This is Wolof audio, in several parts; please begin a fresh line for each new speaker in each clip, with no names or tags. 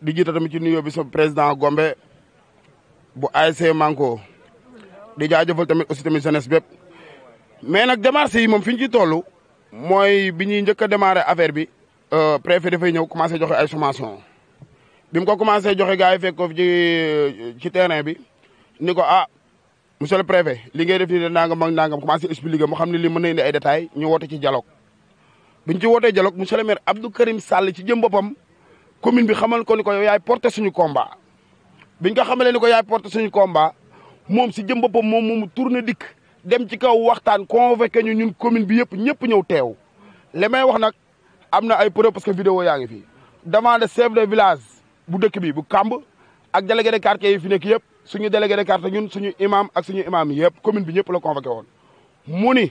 di jiite tamit ci nuyoo bi sa président Gombe bu ASC Manko di jaajëfal tamit aussi tamit jeunesse bépp mais nag démarche yi moom fi ñu ci toll mooy bi ñuy njëkk a démarré affaire bi euh, préfet dafay ñëw commencé joxe ay sommation bi mu ko commencé joxe gars yi fekk ko ci euh, ci terrain bi ni ko ah monsieur le préfet li ngay def nii de nangam ak nangam commencé expliquer mu xam ne li mën na indi ay détails ñu woote ci dialogue bi ñu ci wootee dialogue monsieur le maire Abdou Karim Sall ci jëm boppam commune bi xamal ko ni ko yow yaay porté suñu combat biñ ko xamalee ni ko yaay porté suñu combat moom si jëm boppam moom moomu tourné dikk dem ci kaw waxtaan convoqué ñu ñun commune bi yëpp ñëpp ñëw teew li may wax nag am na ay preuve parce que vidéo yaa ngi fi demande chef de village bu dëkk bi bu Kamb ak délégué de quartier yi fi nekk yëpp suñu délégué de quartier ñun suñu imaam ak suñu imaam yëpp commune bi ñëpp la convoqué woon mu ni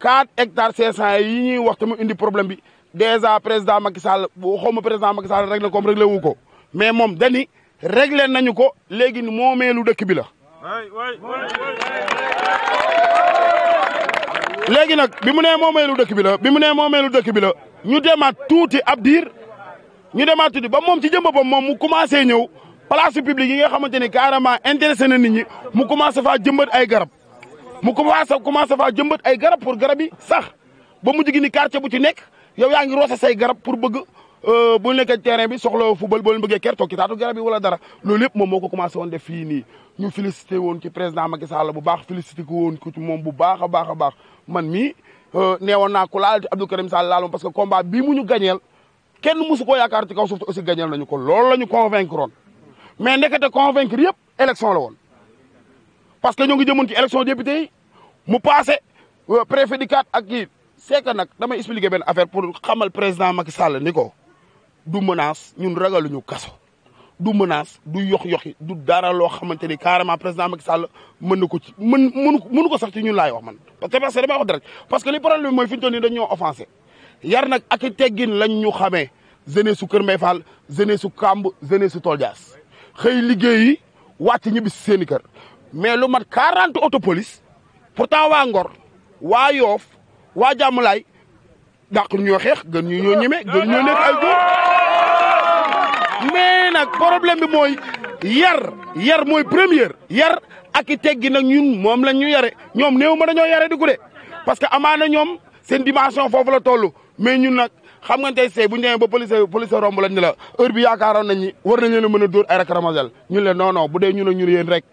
quatre hectares cinq cent yi ñuy wax te mu indi problème bi déjà président Macky Sall waxuma président Macky Sall réglé comme réglé wu ko mais moom dani réglé nañu ko léegi nu moomeelu dëkk bi la. léegi nag bi mu nee moomeelu dëkk bi la bi mu nee moomeelu dëkk bi la ñu demaat tuuti ab diir ñu demaat tuuti ba moom ci jëm boppam moom mu commencé ñëw place publique yi nga xamante ni carrément intéressé na nit ñi mu commencé faa jëmbat ay garab. mu commencé commencé faa jëmbat ay garab pour garab yi sax ba mu gi ni quartier bu ci nekk yow yaa ngi roose say garab pour bëgg euh, bu nekkee terrain bi soxla football boo leen bëggee ker toog ci taatu garab yi wala dara loolu yëpp moom moo ko commencé woon def fii nii ñu félicité woon ci président Macky Sall bu baax félicité ko woon ko moom bu baax a baax a baax man mii euh, neewoon naa ko laal ci Abdou Karim Sall laaloon parce que combat bii mu ñu gañeel kenn mosu koo yaakaar ci kaw suuf ko loolu la ñu convaincre woon mais ndekete convaincre yëpp élection la woon parce que ñoo ngi jëmoon ci élection député yi mu passé euh, préfet di kat ak kii c'est que nag damay expliquer benn affaire pour xamal président Macky Sall ni ko du menace ñun ñu kaso du menace du yox-yoxi du dara loo xamante ni carrément président Macky Sall mën na ko ci mën mënu mënu ko sax ci ñun laay wax man parce que parce que damay wax direct parce que li problème mooy fi ñu nii dañ ñoo yar nag ak i teggin lañ ñu xamee jeunesse su Kër Mbaye Fall jeunesse su Kamb jeunesse su Toldias xëy liggéeyi wàcc ñibbi si seen kër mais lu mat 40 auto police pourtant wa Ngor waa Yoof waa Jàmmalaay dak ñu xex gën ñu ñoo ñeme gën ñu nek ay góor mais nak problème bi moy yar yar moy premier yar ak téggi nak ñun mom lañ ñu yaré ñom néew ma dañoo yare di ko parce que amana ñom sen dimension fofu la tollu mais ñun nak xam nga tay sey bu ñëwé ba police police romb lañ la heure bi yaakaaroon nañ ni war nañ leen a mën ay rek ramasel ñu le non non bu dé ñun ak ñun yéen rek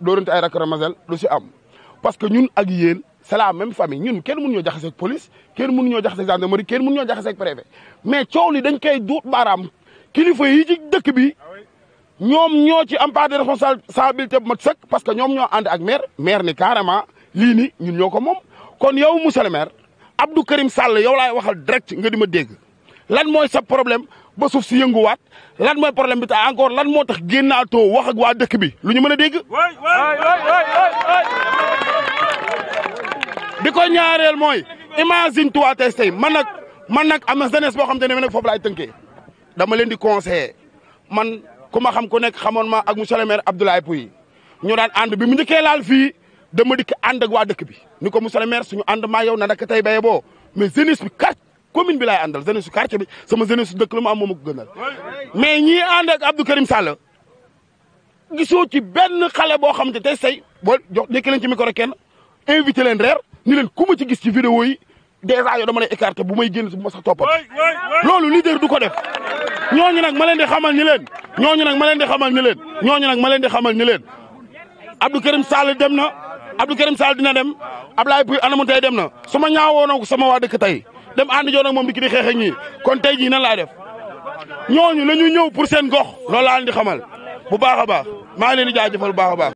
dóorante ay racramasel lu ci am parce que ñun ak yéen c'est la même famille ñun kenn mënu ñoo jaxase ak police kenn mënu ñoo jaxase ak gendarmerie kenn mënu ñoo jaxase ak préfet mais coow li dañ koy duut baram kilifa yi ci dëkk bi ñom ñoo ci am pas de responsabilité bu mag sëkk parce que ñom ñoo ànd ak maire maire ni carrément lii ni ñun ñoo ko moom kon yow monsieur le maire Abdou Karim Sall yow lay waxal direct nga dima ma dégg lan moy sa problème ba suuf si yënguwaat lan mooy problème bi te encore lan moo tax génnaatoo wax ak waa dëkk bi lu ñu mën a dégg. bi ko ñaareel mooy imagine toi tey tey man nag man nag am na jeunesse boo xam te ne nag foofu laay tënkee dama leen di conseiller man ku ma xam ku nekk xamoon ma ak monsieur le maire Abdoulaye Pouy ñu daan ànd bi mu njëkkee laal fii dama dikk ànd ak waa dëkk bi ni ko monsieur le maire suñu ànd maa yow na naka tey béye boo mais jeunesse bi kat commune bi laay àndal jeunesse su quartier bi sama jeunesse su dëkk la mu am moom ko gënal mais ñii ànd ak Abdou Karim Sall gisoo ci benn xale boo xam te tey sey boo jox dékki leen ci micro kenn invité leen reer ni leen ku ma ci gis ci vidéo yi dèjà yow dama lay écarté bu may génn si bu ma sax toppal loolu leader du ko def ñooñu nag ma leen di xamal ni leen ñooñu nag ma leen di xamal ni leen ñooñu nag ma leen di xamal ni leen Abdou Karim Sall dem na Abdou Karim Sall dina dem Ablaye Pouy anamu tey dem na su ma ñaawoo nag sama waa dëkk tey dem ànd joon ak moom di ki di xeex ak ñii kon tay ji nan la def ñoñu lañu ñëw pour sen gox loolu la andi xamal bu baaxa baax ma leen di jaajeufal bu baax baax